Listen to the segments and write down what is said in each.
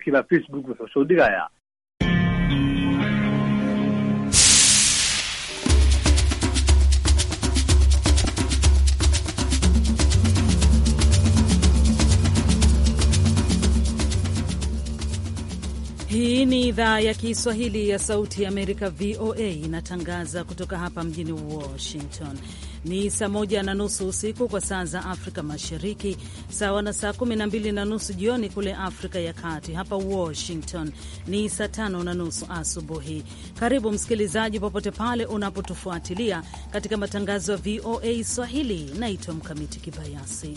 kila Facebook wuxuu soo dhigayaa. Hii ni idhaa ya Kiswahili ya Sauti ya Amerika, VOA, inatangaza kutoka hapa mjini Washington. Ni saa moja na nusu usiku kwa saa za Afrika Mashariki, sawa na saa kumi na mbili na nusu jioni kule Afrika ya Kati. Hapa Washington ni saa tano na nusu asubuhi. Karibu msikilizaji, popote pale unapotufuatilia katika matangazo ya VOA Swahili. Naitwa Mkamiti Kibayasi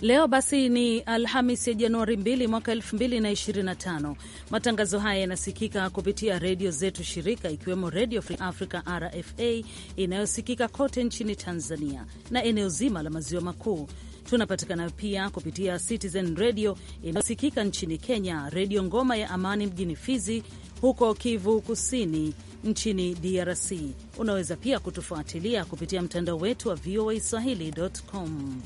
Leo basi ni Alhamis ya Januari 2 mwaka 2025. Matangazo haya yanasikika kupitia redio zetu shirika, ikiwemo Redio Free Africa RFA inayosikika kote nchini Tanzania na eneo zima la maziwa makuu. Tunapatikana pia kupitia Citizen Radio inayosikika nchini Kenya, Redio Ngoma ya Amani mjini Fizi, huko Kivu Kusini nchini DRC. Unaweza pia kutufuatilia kupitia mtandao wetu wa voa swahili.com.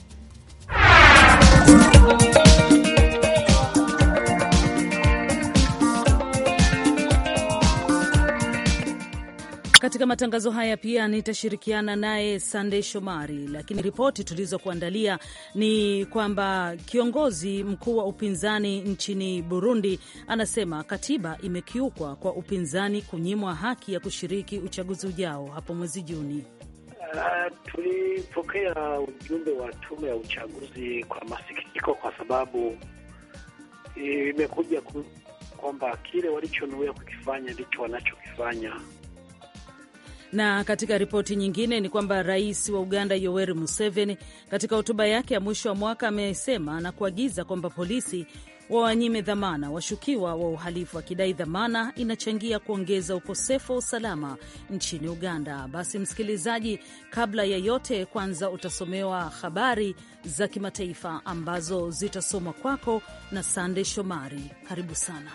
Katika matangazo haya pia nitashirikiana naye Sandey Shomari, lakini ripoti tulizokuandalia ni kwamba kiongozi mkuu wa upinzani nchini Burundi anasema katiba imekiukwa kwa upinzani kunyimwa haki ya kushiriki uchaguzi ujao hapo mwezi Juni. Ah, tulipokea ujumbe wa tume ya uchaguzi kwa masikitiko, kwa sababu e, imekuja kwamba kile walichonuia kukifanya ndicho wanachokifanya. Na katika ripoti nyingine ni kwamba rais wa Uganda Yoweri Museveni katika hotuba yake ya mwisho wa mwaka amesema na kuagiza kwamba polisi wawanyime dhamana washukiwa wa uhalifu, akidai dhamana inachangia kuongeza ukosefu wa usalama nchini Uganda. Basi msikilizaji, kabla ya yote, kwanza utasomewa habari za kimataifa ambazo zitasomwa kwako na Sande Shomari. Karibu sana.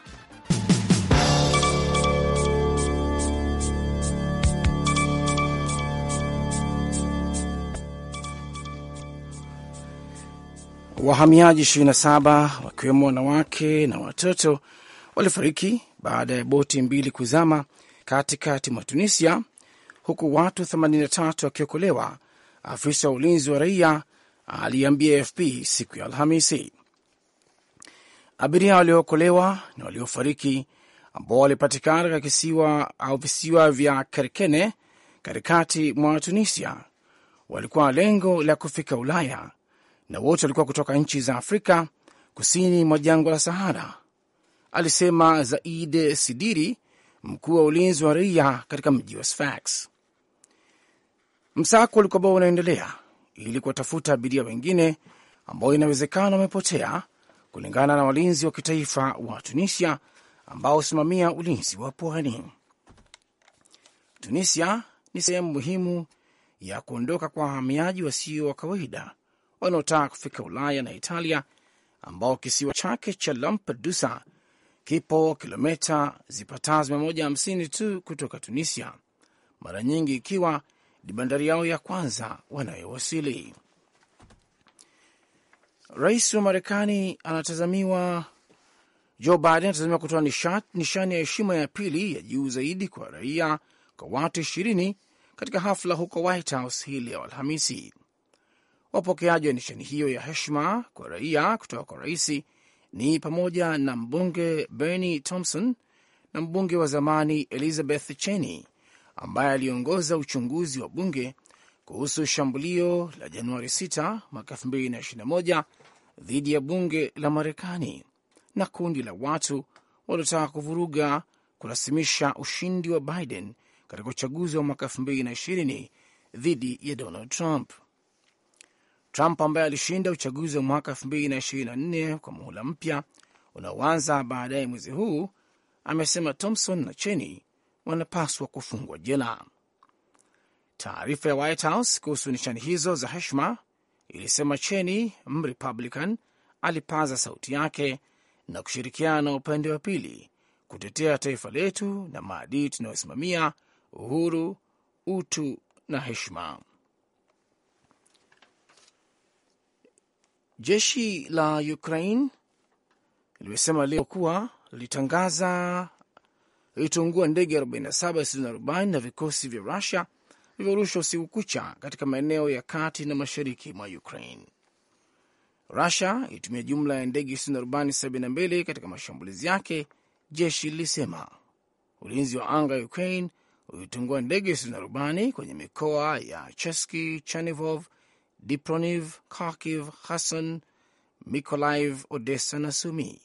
Wahamiaji 27 wakiwemo wanawake na watoto walifariki baada ya boti mbili kuzama katikati mwa Tunisia, huku watu 83 wakiokolewa. Afisa wa ulinzi wa raia aliambia AFP siku ya Alhamisi abiria waliookolewa na waliofariki ambao walipatikana katika kisiwa au visiwa vya Kerkene katikati mwa Tunisia walikuwa lengo la kufika Ulaya na wote walikuwa kutoka nchi za Afrika kusini mwa jangwa la Sahara, alisema Zaid Sidiri, mkuu wa ulinzi wa raia katika mji wa Sfax. Msako ulikuwa bao unaendelea ili kuwatafuta abiria wengine ambao inawezekana wamepotea, kulingana na walinzi wa kitaifa wa Tunisia ambao husimamia ulinzi wa pwani. Tunisia ni sehemu muhimu ya kuondoka kwa wahamiaji wasio wa kawaida wanaotaka kufika Ulaya na Italia, ambao kisiwa chake cha Lampedusa kipo kilomita zipatazo 150 tu kutoka Tunisia, mara nyingi ikiwa ni bandari yao ya kwanza wanayowasili. Rais wa Marekani anatazamiwa Joe Biden anatazamiwa kutoa nishani ya heshima ya pili ya juu zaidi kwa raia kwa watu ishirini katika hafla huko White House hii leo Alhamisi. Wapokeaji wa nishani hiyo ya heshima kwa raia kutoka kwa raisi ni pamoja na mbunge Bernie Thompson na mbunge wa zamani Elizabeth Cheney ambaye aliongoza uchunguzi wa bunge kuhusu shambulio la Januari 6 mwaka 2021 dhidi ya bunge la Marekani na kundi la watu waliotaka kuvuruga kurasimisha ushindi wa Biden katika uchaguzi wa mwaka 2020 dhidi ya Donald Trump. Trump ambaye alishinda uchaguzi wa mwaka 2024 kwa muhula mpya unaoanza baadaye mwezi huu amesema Thompson na Cheney wanapaswa kufungwa jela. Taarifa ya White House kuhusu nishani hizo za heshima ilisema Cheney, Mrepublican, alipaza sauti yake na kushirikiana na upande wa pili kutetea taifa letu na maadili tunayosimamia: uhuru, utu na heshima. Jeshi la Ukraine limesema leo kuwa lilitangaza lilitungua ndege 47 zisizo na rubani na vikosi vya Rusia vilivyorushwa usiku kucha katika maeneo ya kati na mashariki mwa Ukraine. Rusia ilitumia jumla ya ndege zisizo na rubani 72 katika mashambulizi yake, jeshi lilisema. Ulinzi wa anga ya Ukraine ulitungua ndege zisizo na rubani kwenye mikoa ya Cheski, Chernivov, Diproniv, Kharkiv, Kherson, Mikolaiv, Odessa na Sumi.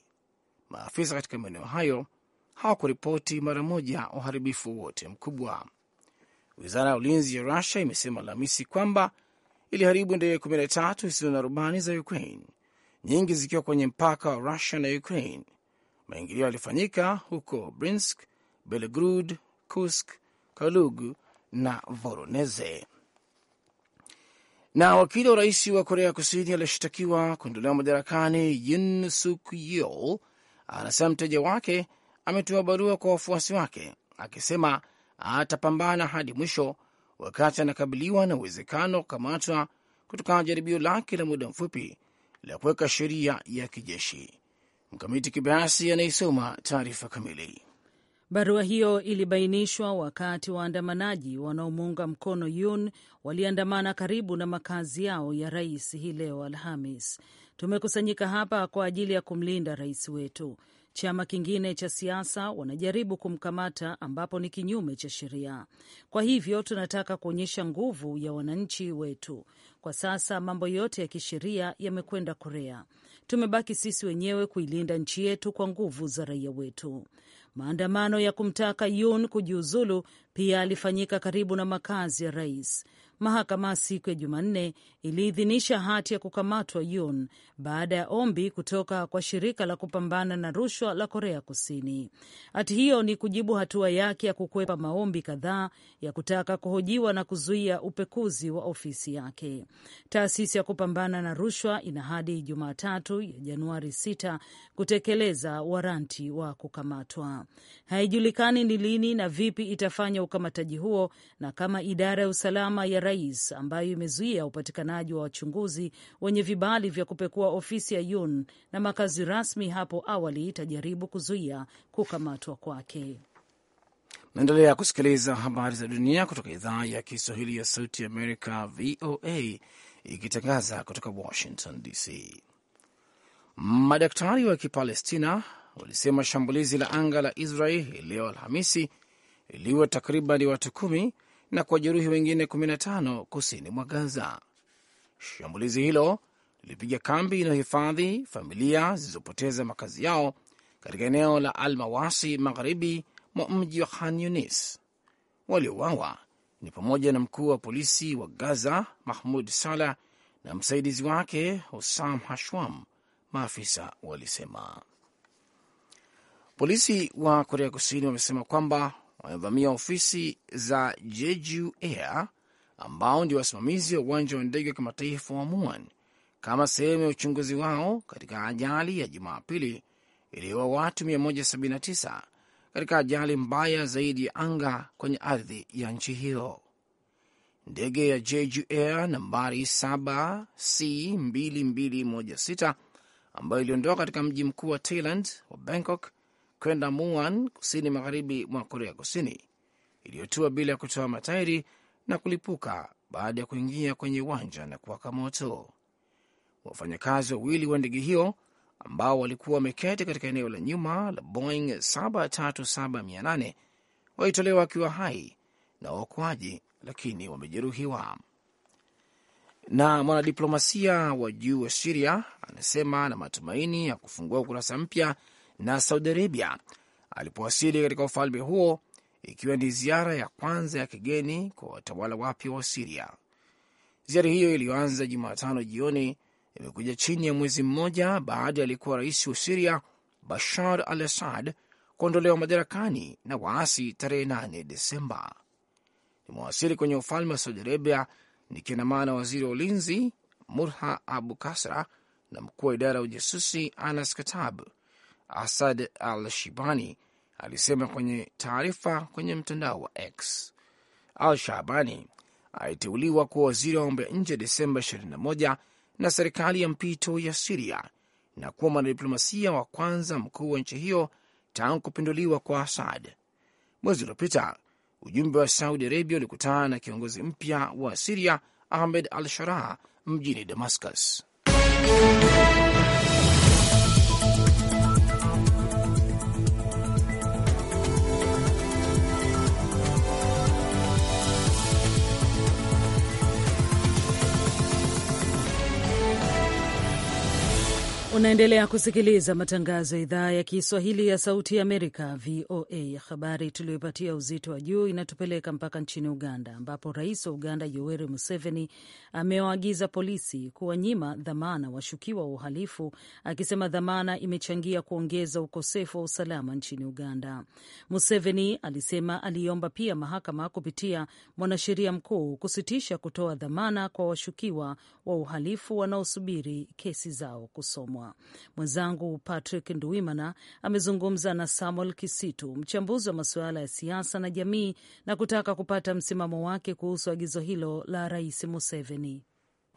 Maafisa katika maeneo hayo hawakuripoti mara moja uharibifu wowote mkubwa. Wizara ya ulinzi ya Rusia imesema Alhamisi kwamba iliharibu ndege 13 zisizo na rubani za Ukraine, nyingi zikiwa kwenye mpaka wa Rusia na Ukraine. Maingilio yalifanyika huko Brinsk, Belgrud, Kusk, Kalugu na Voroneze. Na wakili wa rais wa Korea Kusini aliyeshtakiwa kuondolewa madarakani Yoon Suk Yeol anasema mteja wake ametoa barua kwa wafuasi wake akisema atapambana hadi mwisho, wakati anakabiliwa na uwezekano wa kukamatwa kutokana na jaribio lake la muda mfupi la kuweka sheria ya kijeshi. Mkamiti Kibayasi anaisoma taarifa kamili. Barua hiyo ilibainishwa wakati waandamanaji wanaomuunga mkono yun waliandamana karibu na makazi yao ya rais hii leo Alhamis. Tumekusanyika hapa kwa ajili ya kumlinda rais wetu. Chama kingine cha siasa wanajaribu kumkamata, ambapo ni kinyume cha sheria. Kwa hivyo tunataka kuonyesha nguvu ya wananchi wetu. Kwa sasa mambo yote ya kisheria yamekwenda Korea. Tumebaki sisi wenyewe kuilinda nchi yetu kwa nguvu za raia wetu. Maandamano ya kumtaka yun kujiuzulu pia yalifanyika karibu na makazi ya rais. Mahakama siku ya Jumanne iliidhinisha hati ya kukamatwa Yun baada ya ombi kutoka kwa shirika la kupambana na rushwa la Korea Kusini. Hati hiyo ni kujibu hatua yake ya kukwepa maombi kadhaa ya kutaka kuhojiwa na kuzuia upekuzi wa ofisi yake. Taasisi ya kupambana na rushwa ina hadi Jumatatu ya Januari 6 kutekeleza waranti wa kukamatwa. Haijulikani ni lini na vipi itafanya ukamataji huo na kama idara ya usalama ya rais ambayo imezuia upatikanaji upatikanaji wa wachunguzi wenye vibali vya kupekua ofisi ya Yun na makazi rasmi hapo awali itajaribu kuzuia kukamatwa kwake. Naendelea kusikiliza habari za dunia kutoka idhaa ya Kiswahili ya Sauti Amerika, VOA, ikitangaza kutoka Washington DC. Madaktari wa Kipalestina walisema shambulizi la anga la Israel leo Alhamisi iliwa takriban watu kumi na kuwajeruhi wengine 15 kusini mwa Gaza. Shambulizi hilo lilipiga kambi inayohifadhi familia zilizopoteza makazi yao katika eneo la Almawasi magharibi mwa mji wa Khan Yunis. Waliouawa ni pamoja na mkuu wa polisi wa Gaza Mahmud Salah na msaidizi wake Hussam Hashwam, maafisa walisema. Polisi wa Korea Kusini wamesema kwamba wamevamia ofisi za Jeju Air ambao ndio wasimamizi wa uwanja wa ndege wa kimataifa wa Muan kama sehemu ya uchunguzi wao katika ajali ya Jumapili iliyoua watu 179 katika ajali mbaya zaidi ya anga kwenye ardhi ya nchi hiyo. Ndege ya Jeju Air nambari 7C2216 ambayo iliondoka katika mji mkuu wa Thailand wa Bangkok kwenda Muan, kusini magharibi mwa Korea Kusini, iliyotua bila ya kutoa matairi na kulipuka baada ya kuingia kwenye uwanja na kuwaka moto. Wafanyakazi wawili wa ndege hiyo ambao walikuwa wameketi katika eneo la nyuma la Boeing 737-800 walitolewa wakiwa hai na waokoaji, lakini wamejeruhiwa. Na mwanadiplomasia wa juu wa Siria anasema na matumaini ya kufungua ukurasa mpya na Saudi Arabia alipowasili katika ufalme huo ikiwa ni ziara ya kwanza ya kigeni kwa watawala wapya wa Siria. Ziara hiyo iliyoanza Jumatano jioni imekuja chini ya mwezi mmoja baada ya aliyekuwa rais wa Siria Bashar al Assad kuondolewa madarakani na waasi tarehe 8 Desemba. Nimewasili kwenye ufalme wa Saudi Arabia nikiandamana na waziri wa ulinzi Murha Abu Kasra na mkuu wa idara ya ujasusi Anas Katab. Asad al Shibani alisema kwenye taarifa kwenye mtandao wa X. Al Shabani aliteuliwa kuwa waziri wa mambo ya nje Desemba 21 na serikali ya mpito ya Siria na kuwa mwanadiplomasia wa kwanza mkuu wa nchi hiyo tangu kupinduliwa kwa Asad. Mwezi uliopita ujumbe wa Saudi Arabia ulikutana na kiongozi mpya wa Siria Ahmed al Sharah mjini Damascus. Unaendelea kusikiliza matangazo ya idhaa ya Kiswahili ya Sauti ya Amerika, VOA. Habari tuliyopatia uzito wa juu inatupeleka mpaka nchini Uganda, ambapo rais wa Uganda Yoweri Museveni amewaagiza polisi kuwanyima dhamana washukiwa wa uhalifu, akisema dhamana imechangia kuongeza ukosefu wa usalama nchini Uganda. Museveni alisema aliomba pia mahakama kupitia mwanasheria mkuu kusitisha kutoa dhamana kwa washukiwa wa uhalifu wanaosubiri kesi zao kusomwa. Mwenzangu Patrick nduimana amezungumza na Samuel Kisitu, mchambuzi wa masuala ya siasa na jamii, na kutaka kupata msimamo wake kuhusu agizo hilo la Rais Museveni.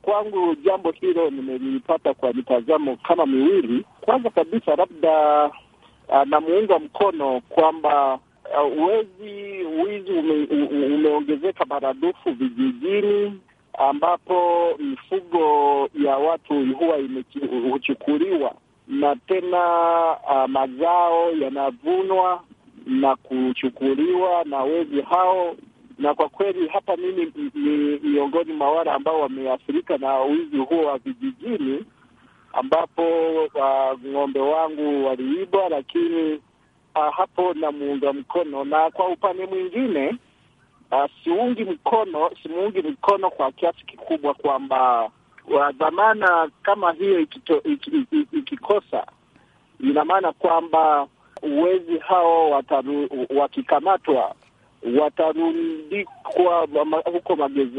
Kwangu jambo hilo nimelipata kwa mitazamo kama miwili. Kwanza kabisa, labda uh, namuunga mkono kwamba uh, ah, wezi wizi ume, umeongezeka maradufu vijijini ambapo mifugo ya watu huwa huchukuliwa na tena uh, mazao yanavunwa na kuchukuliwa na wezi hao. Na kwa kweli hapa mimi ni miongoni mwa wale ambao wameathirika na wizi huo wa vijijini, ambapo uh, ng'ombe wangu waliibwa, lakini uh, hapo namuunga mkono, na kwa upande mwingine Uh, siungi mkono simuungi mkono kwa kiasi kikubwa kwamba dhamana kama hiyo ikikosa ina maana kwamba wezi hao wataru, wakikamatwa watarundikwa huko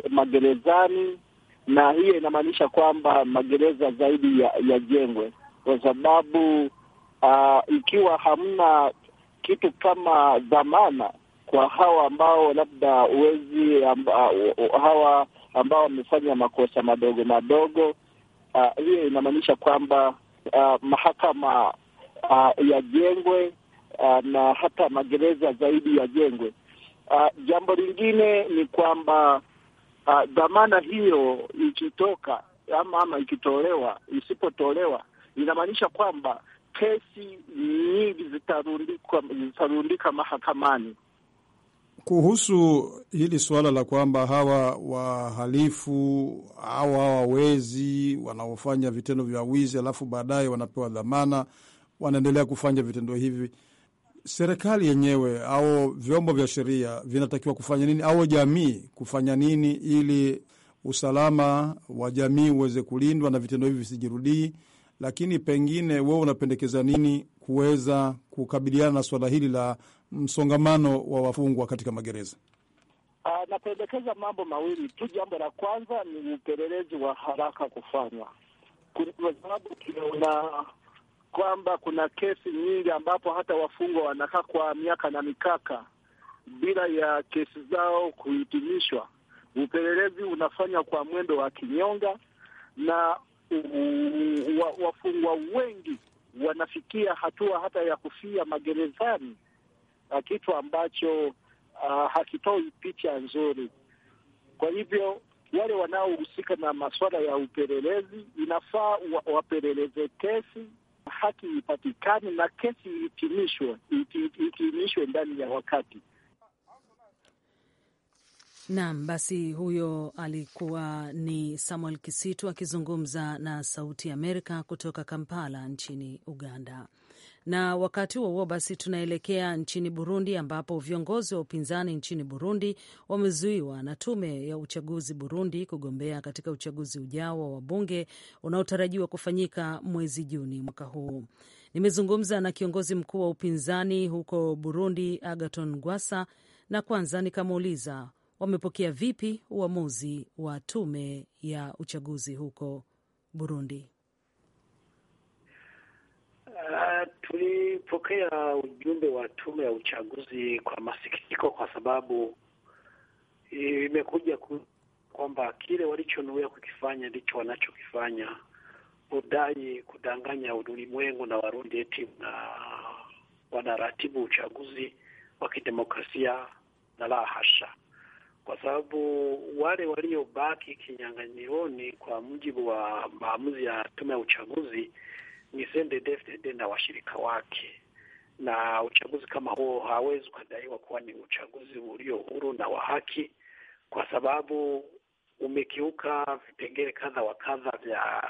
magerezani, na hiyo inamaanisha kwamba magereza zaidi yajengwe ya kwa sababu uh, ikiwa hamna kitu kama dhamana kwa hawa ambao labda huwezi amba, uh, hawa ambao wamefanya makosa madogo madogo. Uh, hiyo inamaanisha kwamba uh, mahakama uh, yajengwe uh, na hata magereza zaidi yajengwe. Uh, jambo lingine ni kwamba uh, dhamana hiyo ikitoka ama, ama ikitolewa, isipotolewa inamaanisha kwamba kesi nyingi zitarundika, zitarundika mahakamani kuhusu hili suala la kwamba hawa wahalifu hawa hawawezi wanaofanya vitendo vya wizi alafu baadaye wanapewa dhamana, wanaendelea kufanya vitendo hivi, serikali yenyewe au vyombo vya sheria vinatakiwa kufanya nini, au jamii kufanya nini ili usalama wa jamii uweze kulindwa na vitendo hivi visijirudii? Lakini pengine wewe unapendekeza nini kuweza kukabiliana na suala hili la msongamano wa wafungwa katika magereza? Uh, napendekeza mambo mawili tu. Jambo la kwanza ni upelelezi wa haraka kufanywa, kwa sababu tunaona kwamba kuna kesi nyingi ambapo hata wafungwa wanakaa kwa miaka na mikaka bila ya kesi zao kuhitimishwa. Upelelezi unafanywa kwa mwendo wa kinyonga na wafungwa wengi wanafikia hatua hata ya kufia magerezani kitu ambacho uh, hakitoi picha nzuri. Kwa hivyo wale wanaohusika na masuala ya upelelezi inafaa wapeleleze kesi, haki ipatikane na kesi ihitimishwe, ihitimishwe ndani ya wakati. Naam, basi huyo alikuwa ni Samuel Kisitu akizungumza na Sauti Amerika kutoka Kampala nchini Uganda. Na wakati huo huo basi, tunaelekea nchini Burundi ambapo viongozi wa upinzani nchini Burundi wamezuiwa na tume ya uchaguzi Burundi kugombea katika uchaguzi ujao wa wabunge unaotarajiwa kufanyika mwezi Juni mwaka huu. Nimezungumza na kiongozi mkuu wa upinzani huko Burundi, Agaton Gwasa, na kwanza nikamuuliza wamepokea vipi uamuzi wa tume ya uchaguzi huko Burundi. Uh, tulipokea ujumbe wa tume ya uchaguzi kwa masikitiko, kwa sababu imekuja kwamba kile walichonuia kukifanya ndicho wanachokifanya, udai kudanganya ulimwengu na Warundi eti na wanaratibu uchaguzi wa kidemokrasia na la hasha, kwa sababu wale waliobaki kinyang'anyironi kwa mujibu wa maamuzi ya tume ya uchaguzi Mizende David na washirika wake. Na uchaguzi kama huo hawezi ukadaiwa kuwa ni uchaguzi ulio huru na wa haki, kwa sababu umekiuka vipengele kadha wa kadha vya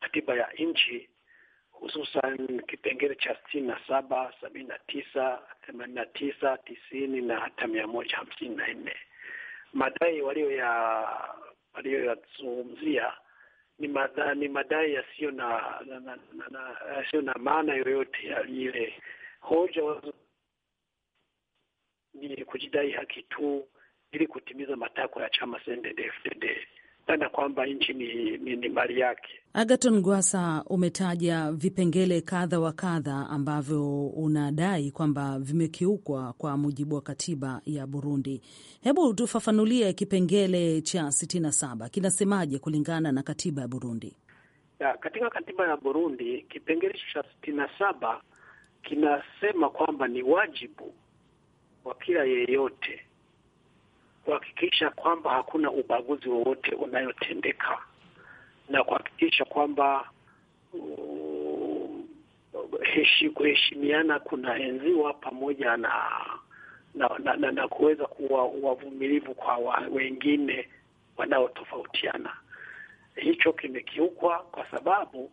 katiba ya nchi, hususan kipengele cha sitini na saba, sabini na tisa, themanini na tisa, tisini na hata mia moja hamsini na nne. Madai walio ya ni madai ni madai yasiyo na na, na, na, na, yasiyo na maana yoyote ya ile hoja wazo ni kujidai haki tu ili kutimiza matakwa ya chama CNDD-FDD dhana kwamba nchi ni, ni, ni mali yake. Agaton Gwasa, umetaja vipengele kadha wa kadha ambavyo unadai kwamba vimekiukwa kwa mujibu wa katiba ya Burundi. Hebu tufafanulie kipengele cha sitini na saba kinasemaje kulingana na katiba ya Burundi? Ya, katika katiba ya Burundi kipengele cha sitini na saba kinasema kwamba ni wajibu wa kila yeyote kuhakikisha kwamba hakuna ubaguzi wowote unayotendeka na kuhakikisha kwamba uh, heshi kuheshimiana kunaenziwa pamoja na na, na, na, na kuweza kuwa wavumilivu kwa wa, wengine wanaotofautiana. Hicho kimekiukwa kwa sababu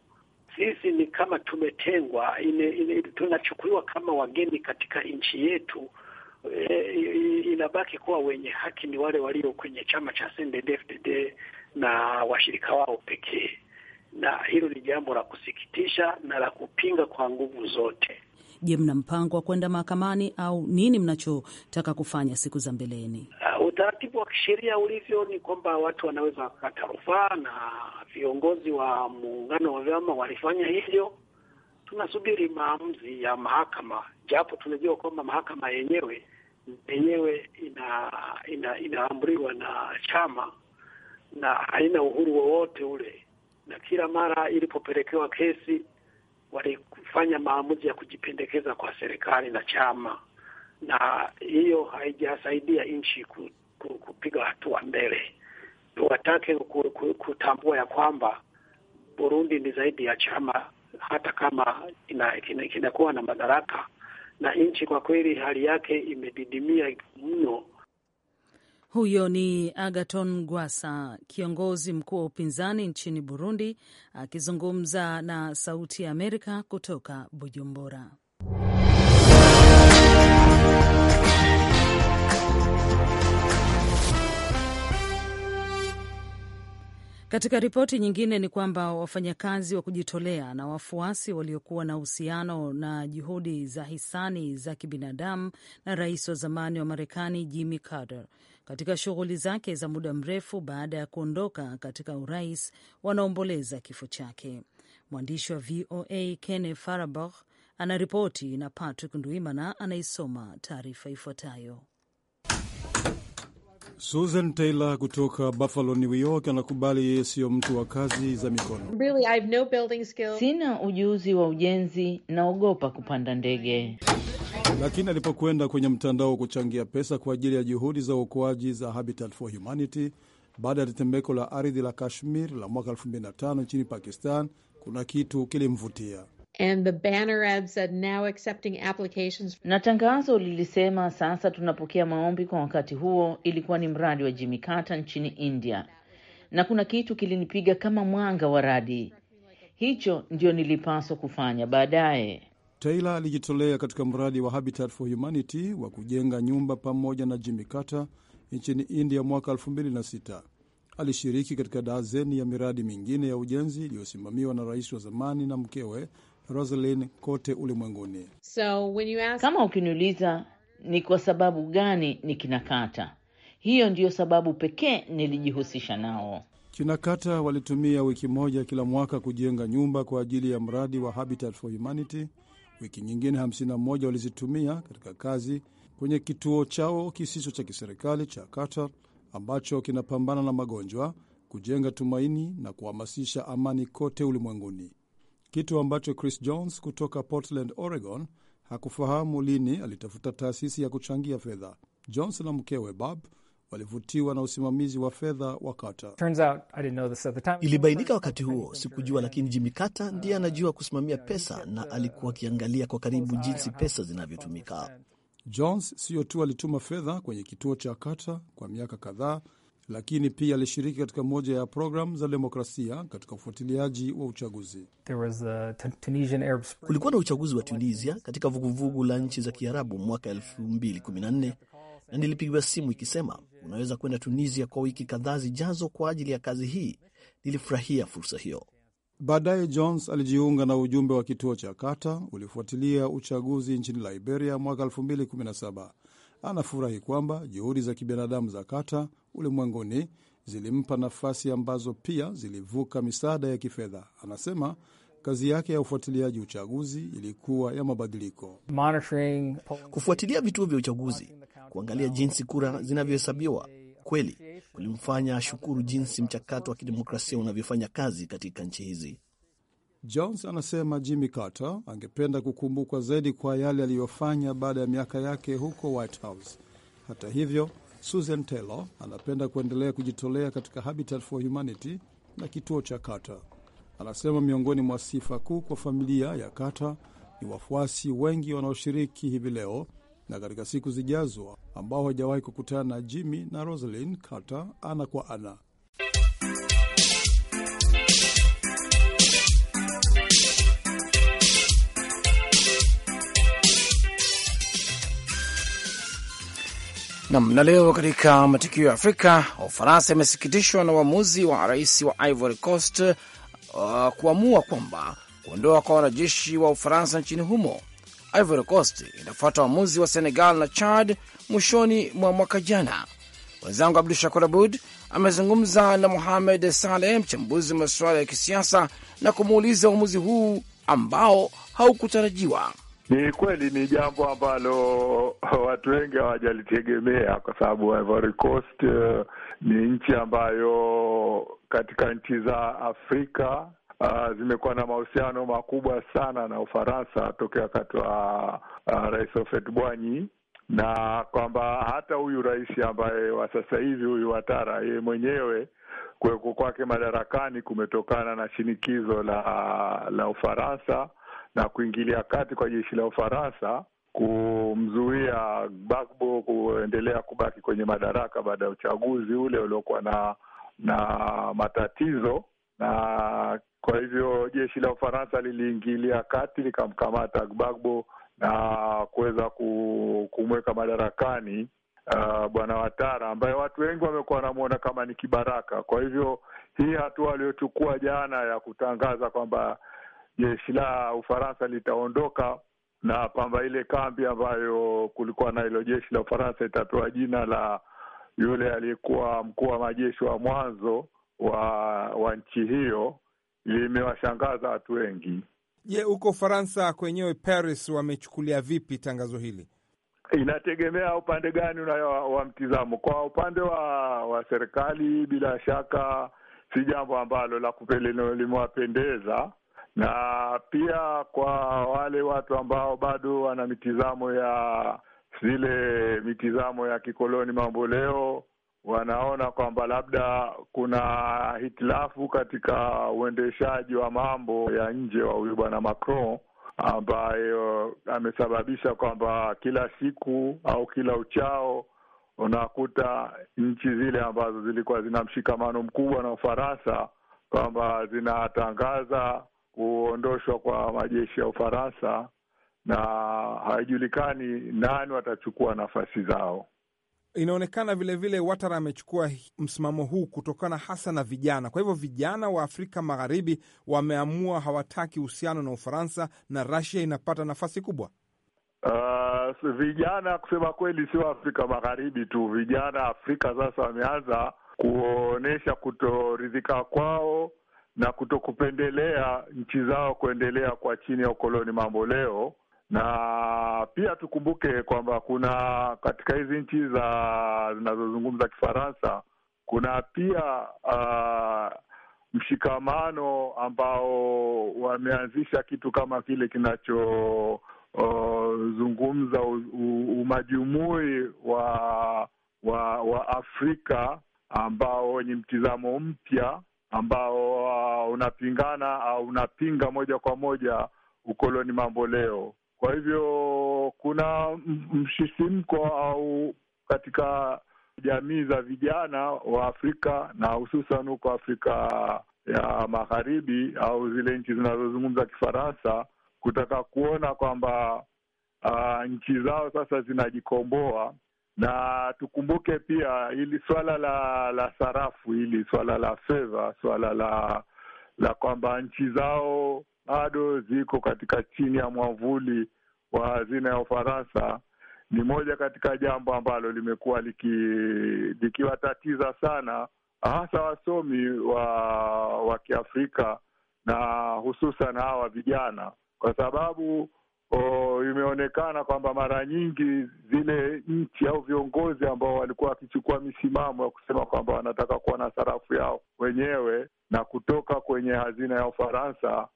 sisi ni kama tumetengwa, tunachukuliwa kama wageni katika nchi yetu eh, inabaki kuwa wenye haki ni wale walio kwenye chama cha CNDD-FDD na washirika wao pekee, na hilo ni jambo la kusikitisha na la kupinga kwa nguvu zote. Je, mna mpango wa kwenda mahakamani au nini mnachotaka kufanya siku za mbeleni? Uh, utaratibu wa kisheria ulivyo ni kwamba watu wanaweza kukata rufaa, na viongozi wa muungano wa vyama walifanya hivyo. Tunasubiri maamuzi ya mahakama, japo tunajua kwamba mahakama yenyewe yenyewe ina inaamriwa ina na chama na haina uhuru wowote ule, na kila mara ilipopelekewa kesi walifanya maamuzi ya kujipendekeza kwa serikali na chama, na hiyo haijasaidia nchi ku, ku, kupiga hatua mbele. Watake ku, ku, kutambua ya kwamba Burundi ni zaidi ya chama, hata kama kinakuwa ina, ina na madaraka na nchi kwa kweli hali yake imedidimia mno. Huyo ni Agaton Gwasa, kiongozi mkuu wa upinzani nchini Burundi, akizungumza na Sauti ya Amerika kutoka Bujumbura. Katika ripoti nyingine ni kwamba wafanyakazi wa kujitolea na wafuasi waliokuwa na uhusiano na juhudi za hisani za kibinadamu na rais wa zamani wa Marekani Jimmy Carter katika shughuli zake za muda mrefu baada ya kuondoka katika urais wanaomboleza kifo chake. Mwandishi wa VOA Kenneth Farabagh anaripoti na Patrick Ndwimana anaisoma taarifa ifuatayo. Susan Taylor kutoka Buffalo, New York anakubali yeye siyo mtu wa kazi za mikono. Really, I have no building skills. Sina ujuzi wa ujenzi, naogopa kupanda ndege. Lakini alipokwenda kwenye mtandao wa kuchangia pesa kwa ajili ya juhudi za uokoaji za Habitat for Humanity baada ya tetemeko la ardhi la Kashmir la mwaka 2005 nchini Pakistan, kuna kitu kilimvutia. And the banner ad said now accepting applications. Na tangazo lilisema sasa tunapokea maombi kwa wakati huo. Ilikuwa ni mradi wa Jimmy Carter nchini India, na kuna kitu kilinipiga kama mwanga wa radi. Hicho ndio nilipaswa kufanya baadaye. Taylor alijitolea katika mradi wa Habitat for Humanity wa kujenga nyumba pamoja na Jimmy Carter nchini India mwaka 2006. Alishiriki katika dazeni ya miradi mingine ya ujenzi iliyosimamiwa na rais wa zamani na mkewe Rosalyn kote ulimwenguni. So, when you ask... kama ukiniuliza ni kwa sababu gani ni kinakata, hiyo ndiyo sababu pekee nilijihusisha nao. Kinakata walitumia wiki moja kila mwaka kujenga nyumba kwa ajili ya mradi wa Habitat for Humanity. Wiki nyingine 51 walizitumia katika kazi kwenye kituo chao kisicho cha kiserikali cha Qatar ambacho kinapambana na magonjwa, kujenga tumaini na kuhamasisha amani kote ulimwenguni kitu ambacho Chris Jones kutoka Portland, Oregon hakufahamu lini alitafuta taasisi ya kuchangia fedha. Jones na mkewe Barb walivutiwa na usimamizi wa fedha wa kata Ilibainika wakati huo, sikujua, lakini Jimmy kata ndiye anajua kusimamia pesa na alikuwa akiangalia kwa karibu jinsi pesa zinavyotumika. Jones siyo tu alituma fedha kwenye kituo cha kata kwa miaka kadhaa, lakini pia alishiriki katika moja ya programu za demokrasia katika ufuatiliaji wa uchaguzi. Kulikuwa na uchaguzi wa Tunisia katika vuguvugu la nchi za Kiarabu mwaka 2014 na nilipigiwa simu ikisema, unaweza kwenda Tunisia kwa wiki kadhaa zijazo kwa ajili ya kazi hii. Nilifurahia fursa hiyo. Baadaye Jones alijiunga na ujumbe wa kituo cha kata ulifuatilia uchaguzi nchini Liberia mwaka Anafurahi kwamba juhudi za kibinadamu za Kata ulimwenguni zilimpa nafasi ambazo pia zilivuka misaada ya kifedha. Anasema kazi yake ya ufuatiliaji uchaguzi ilikuwa ya mabadiliko, kufuatilia vituo vya uchaguzi, kuangalia jinsi kura zinavyohesabiwa kweli kulimfanya shukuru jinsi mchakato wa kidemokrasia unavyofanya kazi katika nchi hizi. Jones anasema Jimmy Carter angependa kukumbukwa zaidi kwa yale aliyofanya baada ya miaka yake huko White House. Hata hivyo, Susan Taylor anapenda kuendelea kujitolea katika Habitat for Humanity na kituo cha Carter. Anasema miongoni mwa sifa kuu kwa familia ya Carter ni wafuasi wengi wanaoshiriki hivi leo na katika siku zijazo ambao hawajawahi kukutana na Jimmy na Rosalynn Carter ana kwa ana. Nam na leo katika matukio ya Afrika, Ufaransa imesikitishwa na uamuzi wa rais wa Ivory Coast uh, kuamua kwamba kuondoa kwa wanajeshi wa Ufaransa nchini humo. Ivory Coast inafuata uamuzi wa Senegal na Chad mwishoni mwa mwaka jana. Mwenzangu Abdu Shakur Abud amezungumza na Mohamed Saleh, mchambuzi wa masuala ya kisiasa, na kumuuliza uamuzi huu ambao haukutarajiwa ni kweli, ni jambo ambalo eh, watu wengi hawajalitegemea kwa sababu Ivory Coast uh, ni nchi ambayo katika nchi za Afrika uh, zimekuwa na mahusiano makubwa sana na Ufaransa tokea wakati wa uh, Rais Ofet Bwanyi na kwamba hata huyu rais ambaye wa sasa hivi huyu Watara, yeye mwenyewe kuweko kwake madarakani kumetokana na shinikizo la la Ufaransa na kuingilia kati kwa jeshi la Ufaransa kumzuia Gbagbo kuendelea kubaki kwenye madaraka baada ya uchaguzi ule uliokuwa na na matatizo, na kwa hivyo jeshi la Ufaransa liliingilia kati likamkamata Gbagbo na kuweza kumweka madarakani uh, bwana Watara ambaye watu wengi wamekuwa wanamwona kama ni kibaraka. Kwa hivyo hii hatua aliyochukua jana ya kutangaza kwamba jeshi la Ufaransa litaondoka na kwamba ile kambi ambayo kulikuwa na hilo jeshi la Ufaransa itapewa jina la yule aliyekuwa mkuu wa majeshi wa mwanzo wa wa nchi hiyo. Limewashangaza watu wengi. Je, huko Ufaransa kwenyewe Paris wamechukulia vipi tangazo hili? Inategemea upande gani una wa mtizamo. Kwa upande wa wa serikali, bila shaka si jambo ambalo la limewapendeza na pia kwa wale watu ambao bado wana mitizamo ya zile mitizamo ya kikoloni mambo leo, wanaona kwamba labda kuna hitilafu katika uendeshaji wa mambo ya nje wa huyu bwana Macron ambayo amesababisha kwamba kila siku au kila uchao unakuta nchi zile ambazo zilikuwa zina mshikamano mkubwa na Ufaransa kwamba zinatangaza kuondoshwa kwa majeshi ya Ufaransa na haijulikani nani watachukua nafasi zao. Inaonekana vilevile Watara amechukua msimamo huu kutokana hasa na vijana. Kwa hivyo vijana wa Afrika Magharibi wameamua hawataki uhusiano na Ufaransa na rasia inapata nafasi kubwa. Uh, vijana kusema kweli sio Afrika Magharibi tu, vijana Afrika sasa wameanza kuonyesha kutoridhika kwao na kutokupendelea nchi zao kuendelea kwa chini ya ukoloni mambo leo. Na pia tukumbuke kwamba kuna katika hizi nchi za zinazozungumza Kifaransa kuna pia uh, mshikamano ambao wameanzisha kitu kama kile kinachozungumza uh, umajumui wa, wa wa Afrika ambao wenye mtizamo mpya ambao uh, unapingana au uh, unapinga moja kwa moja ukoloni mambo leo. Kwa hivyo kuna msisimko au katika jamii za vijana wa Afrika na hususan huko Afrika ya Magharibi au zile nchi zinazozungumza Kifaransa kutaka kuona kwamba uh, nchi zao sasa zinajikomboa na tukumbuke pia hili swala la la sarafu, hili swala la fedha, swala la la kwamba nchi zao bado ziko katika chini ya mwavuli wa hazina ya Ufaransa ni moja katika jambo ambalo limekuwa likiwatatiza liki sana hasa wasomi wa wa Kiafrika na hususan hawa vijana, kwa sababu imeonekana kwamba mara nyingi zile nchi au viongozi ambao walikuwa wakichukua misimamo ya kusema kwamba wanataka kuwa na sarafu yao wenyewe na kutoka kwenye hazina ya Ufaransa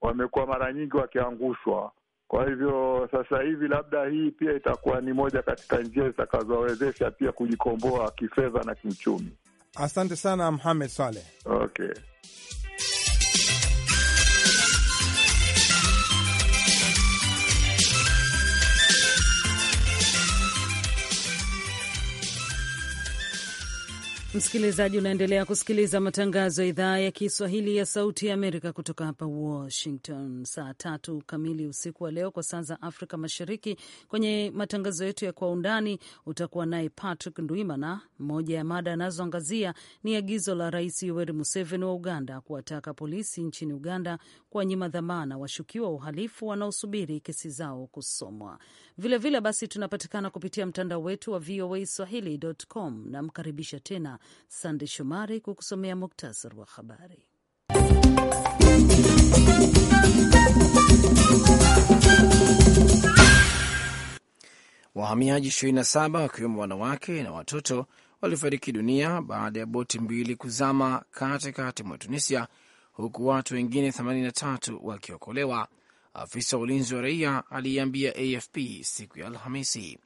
wamekuwa mara nyingi wakiangushwa. Kwa hivyo sasa hivi labda hii pia itakuwa ni moja katika njia zitakazowawezesha pia kujikomboa kifedha na kiuchumi. Asante sana Mohamed Saleh. Okay. Msikilizaji, unaendelea kusikiliza matangazo ya idhaa ya Kiswahili ya Sauti ya Amerika kutoka hapa Washington, saa tatu kamili usiku wa leo kwa saa za Afrika Mashariki. Kwenye matangazo yetu ya Kwa Undani utakuwa naye Patrick Ndwimana. Moja ya mada anazoangazia ni agizo la Rais Yoweri Museveni wa Uganda kuwataka polisi nchini Uganda kuwanyima dhamana washukiwa uhalifu wanaosubiri kesi zao kusomwa. Vilevile basi, tunapatikana kupitia mtandao wetu wa VOA swahili.com. Namkaribisha tena Sande Shomari kukusomea muktasar wa habari. Wahamiaji 27 wakiwemo wanawake na watoto walifariki dunia baada ya boti mbili kuzama katikati mwa Tunisia, huku watu wengine 83 wakiokolewa. Afisa wa ulinzi wa raia aliiambia AFP siku ya Alhamisi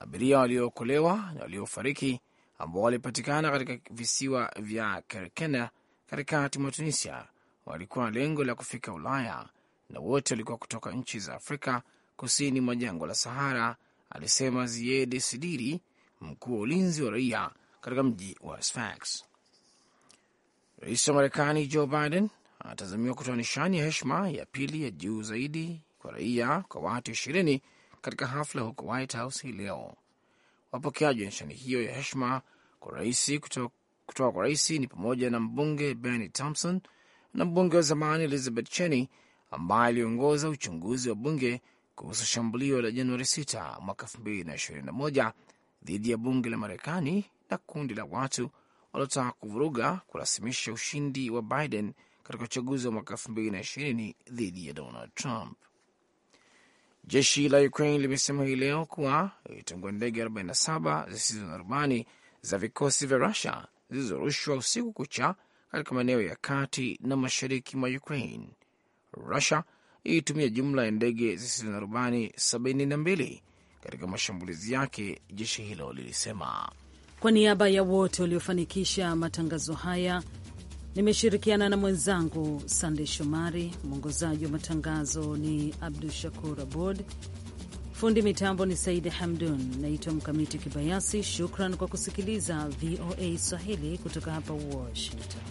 abiria waliookolewa na waliofariki ambao walipatikana katika visiwa vya Kerkena katikati mwa Tunisia walikuwa lengo la kufika Ulaya na wote walikuwa kutoka nchi za Afrika kusini mwa jangwa la Sahara, alisema Ziede Sidiri, mkuu wa ulinzi wa raia katika mji wa Sfax. Rais wa Marekani Joe Biden anatazamiwa kutoa nishani ya heshima ya pili ya juu zaidi kwa raia kwa watu ishirini katika hafla huko White House hii leo. Wapokeaji wa nishani hiyo ya heshima kwa rais kutoka, kutoka kwa rais ni pamoja na mbunge Benny Thompson na mbunge wa zamani Elizabeth Cheney ambaye aliongoza uchunguzi wa bunge kuhusu shambulio la Januari 6 mwaka 2021 dhidi ya bunge la Marekani na kundi la watu waliotaka kuvuruga kurasimisha ushindi wa Biden katika uchaguzi wa mwaka 2020 dhidi ya Donald Trump. Jeshi la Ukraine limesema hii leo kuwa ilitungua ndege 47 zisizo na rubani za vikosi vya Rusia zilizorushwa usiku kucha katika maeneo ya kati na mashariki mwa Ukraine. Rusia ilitumia jumla ya ndege zisizo na rubani 72 katika mashambulizi yake, jeshi hilo lilisema. Kwa niaba ya wote waliofanikisha matangazo haya nimeshirikiana na mwenzangu Sandey Shomari. Mwongozaji wa matangazo ni Abdu Shakur Abod. Fundi mitambo ni Saidi Hamdun. Naitwa Mkamiti Kibayasi. Shukran kwa kusikiliza VOA Swahili kutoka hapa Washington.